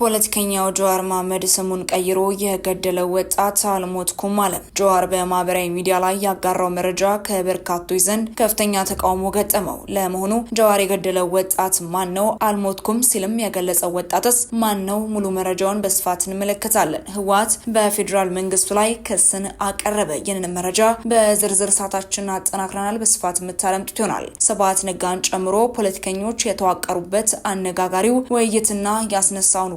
ፖለቲከኛው ጀዋር መሐመድ ስሙን ቀይሮ የገደለው ወጣት አልሞትኩም አለ። ጀዋር በማህበራዊ ሚዲያ ላይ ያጋራው መረጃ ከበርካቶች ዘንድ ከፍተኛ ተቃውሞ ገጠመው። ለመሆኑ ጀዋር የገደለው ወጣት ማን ነው? አልሞትኩም ሲልም የገለጸው ወጣትስ ማን ነው? ሙሉ መረጃውን በስፋት እንመለከታለን። ህወሓት በፌዴራል መንግስቱ ላይ ክስን አቀረበ። ይህንን መረጃ በዝርዝር ሰዓታችን አጠናክረናል። በስፋት የምታደምጡት ይሆናል። ሰባት ነጋን ጨምሮ ፖለቲከኞች የተዋቀሩበት አነጋጋሪው ውይይትና ያስነሳውን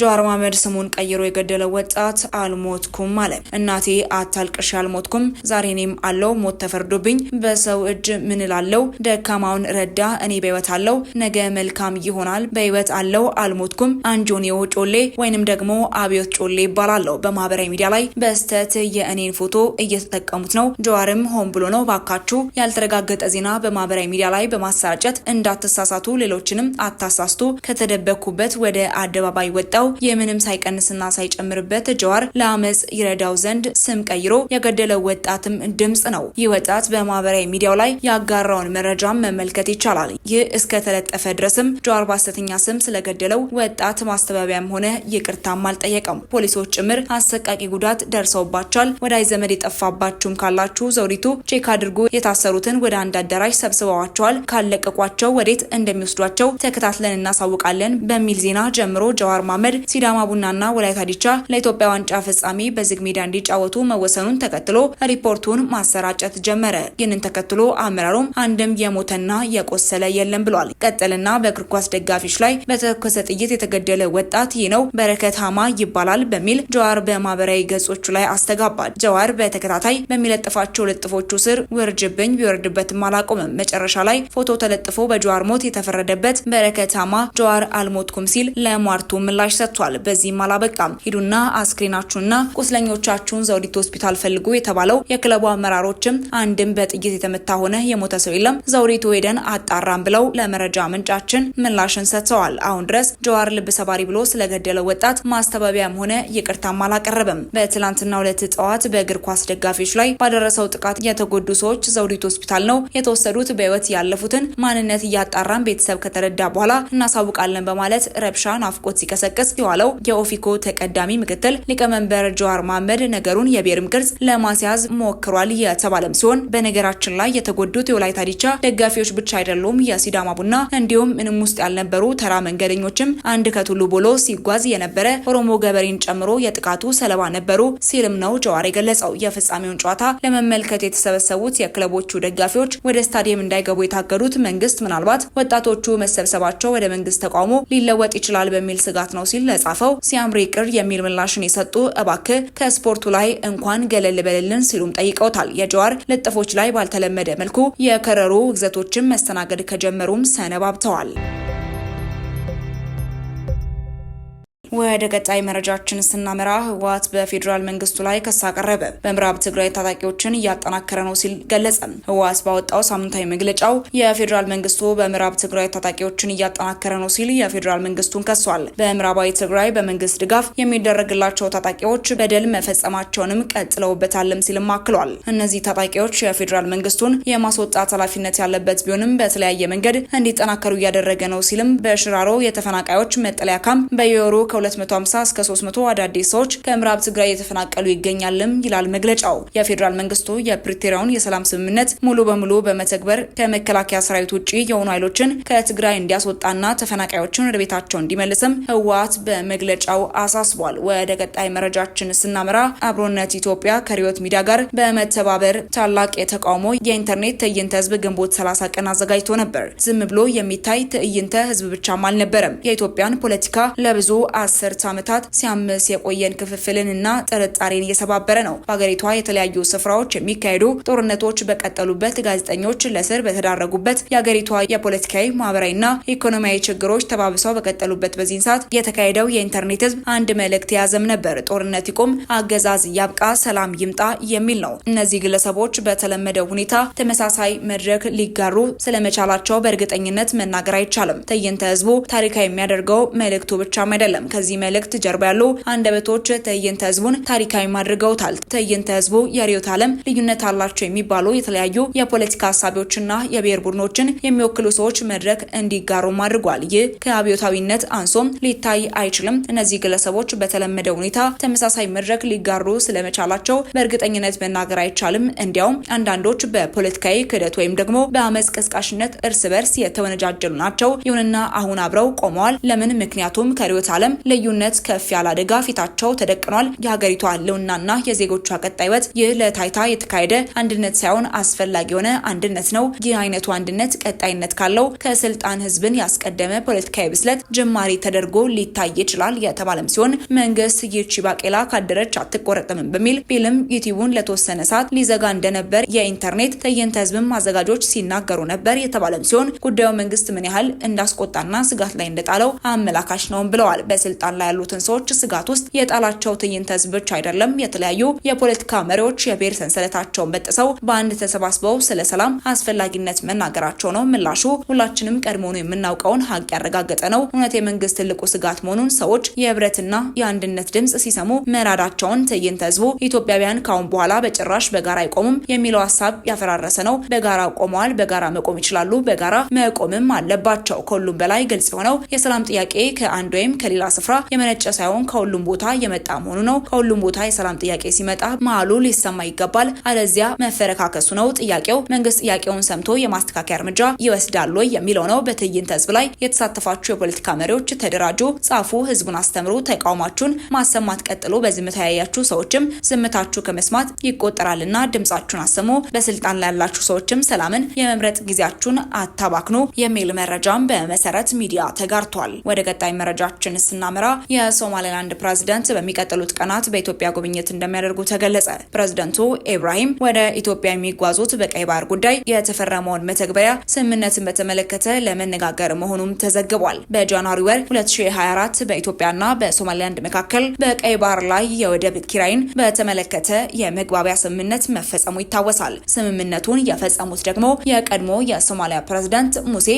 ጀዋር መሀመድ ስሙን ቀይሮ የገደለው ወጣት አልሞትኩም አለ። እናቴ አታልቅሽ፣ አልሞትኩም፣ ዛሬ እኔም አለው ሞት ተፈርዶብኝ በሰው እጅ ምን ላለው ደካማውን ረዳ፣ እኔ በህይወት አለው፣ ነገ መልካም ይሆናል፣ በህይወት አለው፣ አልሞትኩም፣ አንጆኒዮ ጮሌ ወይንም ደግሞ አብዮት ጮሌ ይባላለሁ። በማህበራዊ ሚዲያ ላይ በስተት የእኔን ፎቶ እየተጠቀሙት ነው። ጀዋርም ሆን ብሎ ነው። ባካችሁ ያልተረጋገጠ ዜና በማህበራዊ ሚዲያ ላይ በማሰራጨት እንዳትሳሳቱ፣ ሌሎችንም አታሳስቱ። ከተደበኩበት ወደ አደባባይ ወጣው የሚለው የምንም ሳይቀንስና ሳይጨምርበት ጀዋር ለአመፅ ይረዳው ዘንድ ስም ቀይሮ የገደለው ወጣትም ድምጽ ነው። ይህ ወጣት በማህበራዊ ሚዲያው ላይ ያጋራውን መረጃም መመልከት ይቻላል። ይህ እስከተለጠፈ ድረስም ጃዋር በሐሰተኛ ስም ስለገደለው ወጣት ማስተባበያም ሆነ ይቅርታም አልጠየቀም። ፖሊሶች ጭምር አሰቃቂ ጉዳት ደርሰውባቸዋል። ወዳጅ ዘመድ የጠፋባችሁም ካላችሁ ዘውዲቱ ቼክ አድርጎ የታሰሩትን ወደ አንድ አዳራሽ ሰብስበዋቸዋል። ካለቀቋቸው ወዴት እንደሚወስዷቸው ተከታትለን እናሳውቃለን በሚል ዜና ጀምሮ ጀዋር ማመድ ሲዳማ ቡናና ወላይታ ዲቻ ለኢትዮጵያ ዋንጫ ፍጻሜ በዝግ ሜዳ እንዲጫወቱ መወሰኑን ተከትሎ ሪፖርቱን ማሰራጨት ጀመረ። ይህንን ተከትሎ አመራሩም አንድም የሞተና የቆሰለ የለም ብሏል። ቀጠልና በእግር ኳስ ደጋፊዎች ላይ በተኮሰ ጥይት የተገደለ ወጣት ይህ ነው በረከት ሀማ ይባላል በሚል ጀዋር በማህበራዊ ገጾቹ ላይ አስተጋባል። ጀዋር በተከታታይ በሚለጥፋቸው ልጥፎቹ ስር ውርጅብኝ ቢወርድበትም አላቆምም። መጨረሻ ላይ ፎቶ ተለጥፎ በጀዋር ሞት የተፈረደበት በረከት ሀማ ጀዋር አልሞትኩም ሲል ለሟርቱ ምላሽ ሰጥቷል። በዚህም አላበቃም። ሂዱና አስክሬናችሁና ቁስለኞቻችሁን ዘውዲቱ ሆስፒታል ፈልጉ የተባለው የክለቡ አመራሮችም አንድም በጥይት የተመታ ሆነ የሞተ ሰው የለም ዘውዲቱ ሄደን አጣራም አልሰማም ብለው ለመረጃ ምንጫችን ምላሽን ሰጥተዋል። አሁን ድረስ ጀዋር ልብ ሰባሪ ብሎ ስለገደለው ወጣት ማስተባበያም ሆነ ይቅርታም አላቀረበም። በትላንትናው ዕለት ጠዋት በእግር ኳስ ደጋፊዎች ላይ ባደረሰው ጥቃት የተጎዱ ሰዎች ዘውዲቱ ሆስፒታል ነው የተወሰዱት። በህይወት ያለፉትን ማንነት እያጣራን ቤተሰብ ከተረዳ በኋላ እናሳውቃለን በማለት ረብሻ ናፍቆት ሲቀሰቅስ የዋለው የኦፊኮ ተቀዳሚ ምክትል ሊቀመንበር ጀዋር መሐመድ ነገሩን የብሔርም ቅርጽ ለማስያዝ ሞክሯል የተባለም ሲሆን በነገራችን ላይ የተጎዱት የወላይታ ዲቻ ደጋፊዎች ብቻ አይደሉም። የሲዳማ ቡና እንዲሁም ምንም ውስጥ ያልነበሩ ተራ መንገደኞችም አንድ ከቱሉ ቦሎ ሲጓዝ የነበረ ኦሮሞ ገበሬን ጨምሮ የጥቃቱ ሰለባ ነበሩ ሲልም ነው ጀዋር የገለጸው። የፍጻሜውን ጨዋታ ለመመልከት የተሰበሰቡት የክለቦቹ ደጋፊዎች ወደ ስታዲየም እንዳይገቡ የታገዱት መንግስት ምናልባት ወጣቶቹ መሰብሰባቸው ወደ መንግስት ተቃውሞ ሊለወጥ ይችላል በሚል ስጋት ነው ሲል ለጻፈው ሲያምሬ ቅር የሚል ምላሽን የሰጡ እባክ ከስፖርቱ ላይ እንኳን ገለል በልልን ሲሉም ጠይቀውታል። የጀዋር ልጥፎች ላይ ባልተለመደ መልኩ የከረሩ ውግዘቶችን መስተናገድ ከጀ እንደጀመሩም ሰነባብተዋል። ወደ ቀጣይ መረጃችን ስናመራ ህወሓት በፌዴራል መንግስቱ ላይ ክስ አቀረበ። በምዕራብ ትግራይ ታጣቂዎችን እያጠናከረ ነው ሲል ገለጸ። ህወሓት ባወጣው ሳምንታዊ መግለጫው የፌዴራል መንግስቱ በምዕራብ ትግራይ ታጣቂዎችን እያጠናከረ ነው ሲል የፌዴራል መንግስቱን ከሷል። በምዕራባዊ ትግራይ በመንግስት ድጋፍ የሚደረግላቸው ታጣቂዎች በደል መፈጸማቸውንም ቀጥለውበታልም ሲልም አክሏል። እነዚህ ታጣቂዎች የፌዴራል መንግስቱን የማስወጣት ኃላፊነት ያለበት ቢሆንም በተለያየ መንገድ እንዲጠናከሩ እያደረገ ነው ሲልም በሽራሮ የተፈናቃዮች መጠለያ ካምፕ በየወሩ 250 እስከ 300 አዳዲስ ሰዎች ከምዕራብ ትግራይ የተፈናቀሉ ይገኛልም ይላል መግለጫው። የፌዴራል መንግስቱ የፕሪቶሪያውን የሰላም ስምምነት ሙሉ በሙሉ በመተግበር ከመከላከያ ሰራዊት ውጭ የሆኑ ኃይሎችን ከትግራይ እንዲያስወጣና ተፈናቃዮችን ወደ ቤታቸው እንዲመልስም ህወሓት በመግለጫው አሳስቧል። ወደ ቀጣይ መረጃችን ስናመራ አብሮነት ኢትዮጵያ ከሪዮት ሚዲያ ጋር በመተባበር ታላቅ የተቃውሞ የኢንተርኔት ትዕይንተ ህዝብ ግንቦት 30 ቀን አዘጋጅቶ ነበር። ዝም ብሎ የሚታይ ትዕይንተ ህዝብ ብቻም አልነበረም። የኢትዮጵያን ፖለቲካ ለብዙ አ። አስርት ዓመታት ሲያምስ የቆየን ክፍፍልን እና ጥርጣሬን እየሰባበረ ነው። በሀገሪቷ የተለያዩ ስፍራዎች የሚካሄዱ ጦርነቶች በቀጠሉበት፣ ጋዜጠኞች ለስር በተዳረጉበት፣ የሀገሪቷ የፖለቲካዊ ማህበራዊና ኢኮኖሚያዊ ችግሮች ተባብሰው በቀጠሉበት በዚህን ሰዓት የተካሄደው የኢንተርኔት ህዝብ አንድ መልእክት የያዘም ነበር። ጦርነት ይቁም፣ አገዛዝ ያብቃ፣ ሰላም ይምጣ የሚል ነው። እነዚህ ግለሰቦች በተለመደው ሁኔታ ተመሳሳይ መድረክ ሊጋሩ ስለመቻላቸው በእርግጠኝነት መናገር አይቻልም። ትዕይንተ ህዝቡ ታሪካዊ የሚያደርገው መልእክቱ ብቻም አይደለም። ከዚህ መልእክት ጀርባ ያሉ አንደበቶች ትዕይንተ ህዝቡን ታሪካዊ አድርገውታል። ትዕይንተ ህዝቡ የርዕዮተ ዓለም ልዩነት አላቸው የሚባሉ የተለያዩ የፖለቲካ ሀሳቢዎችና የብሔር ቡድኖችን የሚወክሉ ሰዎች መድረክ እንዲጋሩም አድርጓል። ይህ ከአብዮታዊነት አንሶም ሊታይ አይችልም። እነዚህ ግለሰቦች በተለመደ ሁኔታ ተመሳሳይ መድረክ ሊጋሩ ስለመቻላቸው በእርግጠኝነት መናገር አይቻልም። እንዲያውም አንዳንዶች በፖለቲካዊ ክህደት ወይም ደግሞ በአመፅ ቀስቃሽነት እርስ በርስ የተወነጃጀሉ ናቸው። ይሁንና አሁን አብረው ቆመዋል። ለምን? ምክንያቱም ከርዕዮተ ዓለም ልዩነት ከፍ ያለ አደጋ ፊታቸው ተደቅኗል። የሀገሪቷ ህልውናና የዜጎቿ ቀጣይ ህይወት ይህ ለታይታ የተካሄደ አንድነት ሳይሆን አስፈላጊ የሆነ አንድነት ነው። ይህ አይነቱ አንድነት ቀጣይነት ካለው ከስልጣን ህዝብን ያስቀደመ ፖለቲካዊ ብስለት ጅማሬ ተደርጎ ሊታይ ይችላል የተባለም ሲሆን መንግስት ይቺ ባቄላ ካደረች አትቆረጥምም በሚል ፊልም ዩቲዩቡን ለተወሰነ ሰዓት ሊዘጋ እንደነበር የኢንተርኔት ትዕይንተ ህዝብም አዘጋጆች ሲናገሩ ነበር የተባለም ሲሆን ጉዳዩ መንግስት ምን ያህል እንዳስቆጣና ስጋት ላይ እንደጣለው አመላካሽ ነው ብለዋል። ስልጣን ላይ ያሉትን ሰዎች ስጋት ውስጥ የጣላቸው ትዕይንተ ህዝብ ብቻ አይደለም። የተለያዩ የፖለቲካ መሪዎች የብሔር ሰንሰለታቸውን በጥሰው በአንድ ተሰባስበው ስለ ሰላም አስፈላጊነት መናገራቸው ነው። ምላሹ ሁላችንም ቀድሞኑ የምናውቀውን ሀቅ ያረጋገጠ ነው። እውነት የመንግስት ትልቁ ስጋት መሆኑን ሰዎች የህብረትና የአንድነት ድምጽ ሲሰሙ መራዳቸውን ትዕይንተ ህዝቡ ኢትዮጵያውያን ካሁን በኋላ በጭራሽ በጋራ አይቆሙም የሚለው ሀሳብ ያፈራረሰ ነው። በጋራ ቆመዋል፣ በጋራ መቆም ይችላሉ፣ በጋራ መቆምም አለባቸው። ከሁሉም በላይ ግልጽ የሆነው የሰላም ጥያቄ ከአንድ ወይም ከሌላ ስፍራ የመነጨ ሳይሆን ከሁሉም ቦታ የመጣ መሆኑ ነው። ከሁሉም ቦታ የሰላም ጥያቄ ሲመጣ መሀሉ ሊሰማ ይገባል። አለዚያ መፈረካከሱ ነው ጥያቄው። መንግስት ጥያቄውን ሰምቶ የማስተካከያ እርምጃ ይወስዳል ወይ የሚለው ነው። በትዕይንተ ህዝብ ላይ የተሳተፋችሁ የፖለቲካ መሪዎች ተደራጁ፣ ጻፉ፣ ህዝቡን አስተምሩ፣ ተቃውማችሁን ማሰማት ቀጥሎ በዝምታ ያያችሁ ሰዎችም ዝምታችሁ ከመስማት ይቆጠራልና ድምጻችሁን አሰሙ። በስልጣን ላይ ያላችሁ ሰዎችም ሰላምን የመምረጥ ጊዜያችሁን አታባክኑ የሚል መረጃም በመሰረት ሚዲያ ተጋርቷል። ወደ ቀጣይ መረጃችን ስና አምራ የሶማሌላንድ ፕሬዝደንት በሚቀጥሉት ቀናት በኢትዮጵያ ጉብኝት እንደሚያደርጉ ተገለጸ። ፕሬዝደንቱ ኢብራሂም ወደ ኢትዮጵያ የሚጓዙት በቀይ ባህር ጉዳይ የተፈረመውን መተግበሪያ ስምምነትን በተመለከተ ለመነጋገር መሆኑም ተዘግቧል። በጃንዋሪ ወር 2024 በኢትዮጵያና በሶማሌላንድ መካከል በቀይ ባህር ላይ የወደብ ኪራይን በተመለከተ የመግባቢያ ስምምነት መፈጸሙ ይታወሳል። ስምምነቱን የፈጸሙት ደግሞ የቀድሞ የሶማሊያ ፕሬዝዳንት ሙሴ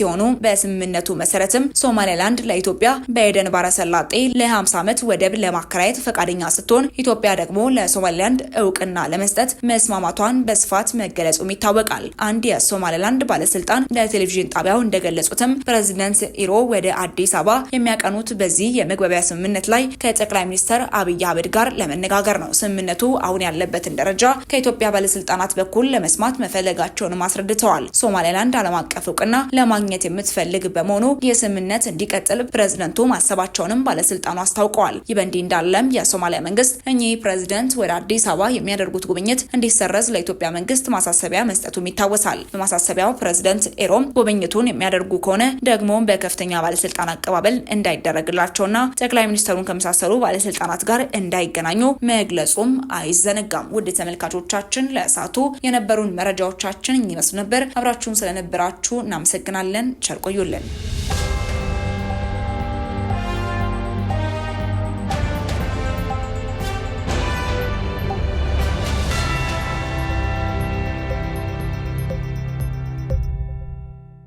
ሲሆኑ በስምምነቱ መሰረትም ሶማሌላንድ ለኢትዮጵያ በኤደን ባህረ ሰላጤ ለ50 ዓመት ወደብ ለማከራየት ፈቃደኛ ስትሆን ኢትዮጵያ ደግሞ ለሶማሊላንድ እውቅና ለመስጠት መስማማቷን በስፋት መገለጹም ይታወቃል። አንድ የሶማሊላንድ ባለስልጣን ለቴሌቪዥን ጣቢያው እንደገለጹትም ፕሬዚደንት ኢሮ ወደ አዲስ አበባ የሚያቀኑት በዚህ የመግባቢያ ስምምነት ላይ ከጠቅላይ ሚኒስትር አብይ አህመድ ጋር ለመነጋገር ነው። ስምምነቱ አሁን ያለበትን ደረጃ ከኢትዮጵያ ባለስልጣናት በኩል ለመስማት መፈለጋቸውንም አስረድተዋል። ሶማሊላንድ ዓለም አቀፍ እውቅና ለማግኘት የምትፈልግ በመሆኑ የስምምነት እንዲቀጥል ፕሬዝደንቱ ማሰባቸው መሆናቸውንም ባለስልጣኑ አስታውቀዋል። ይህ በእንዲህ እንዳለም የሶማሊያ መንግስት እኚህ ፕሬዚደንት ወደ አዲስ አበባ የሚያደርጉት ጉብኝት እንዲሰረዝ ለኢትዮጵያ መንግስት ማሳሰቢያ መስጠቱም ይታወሳል። በማሳሰቢያው ፕሬዚደንት ኤሮም ጉብኝቱን የሚያደርጉ ከሆነ ደግሞ በከፍተኛ ባለስልጣን አቀባበል እንዳይደረግላቸውና ጠቅላይ ሚኒስተሩን ከመሳሰሉ ባለስልጣናት ጋር እንዳይገናኙ መግለጹም አይዘነጋም። ውድ ተመልካቾቻችን ለእሳቱ የነበሩን መረጃዎቻችን ይመስሉ ነበር። አብራችሁን ስለነበራችሁ እናመሰግናለን። ቸር ቆዩልን።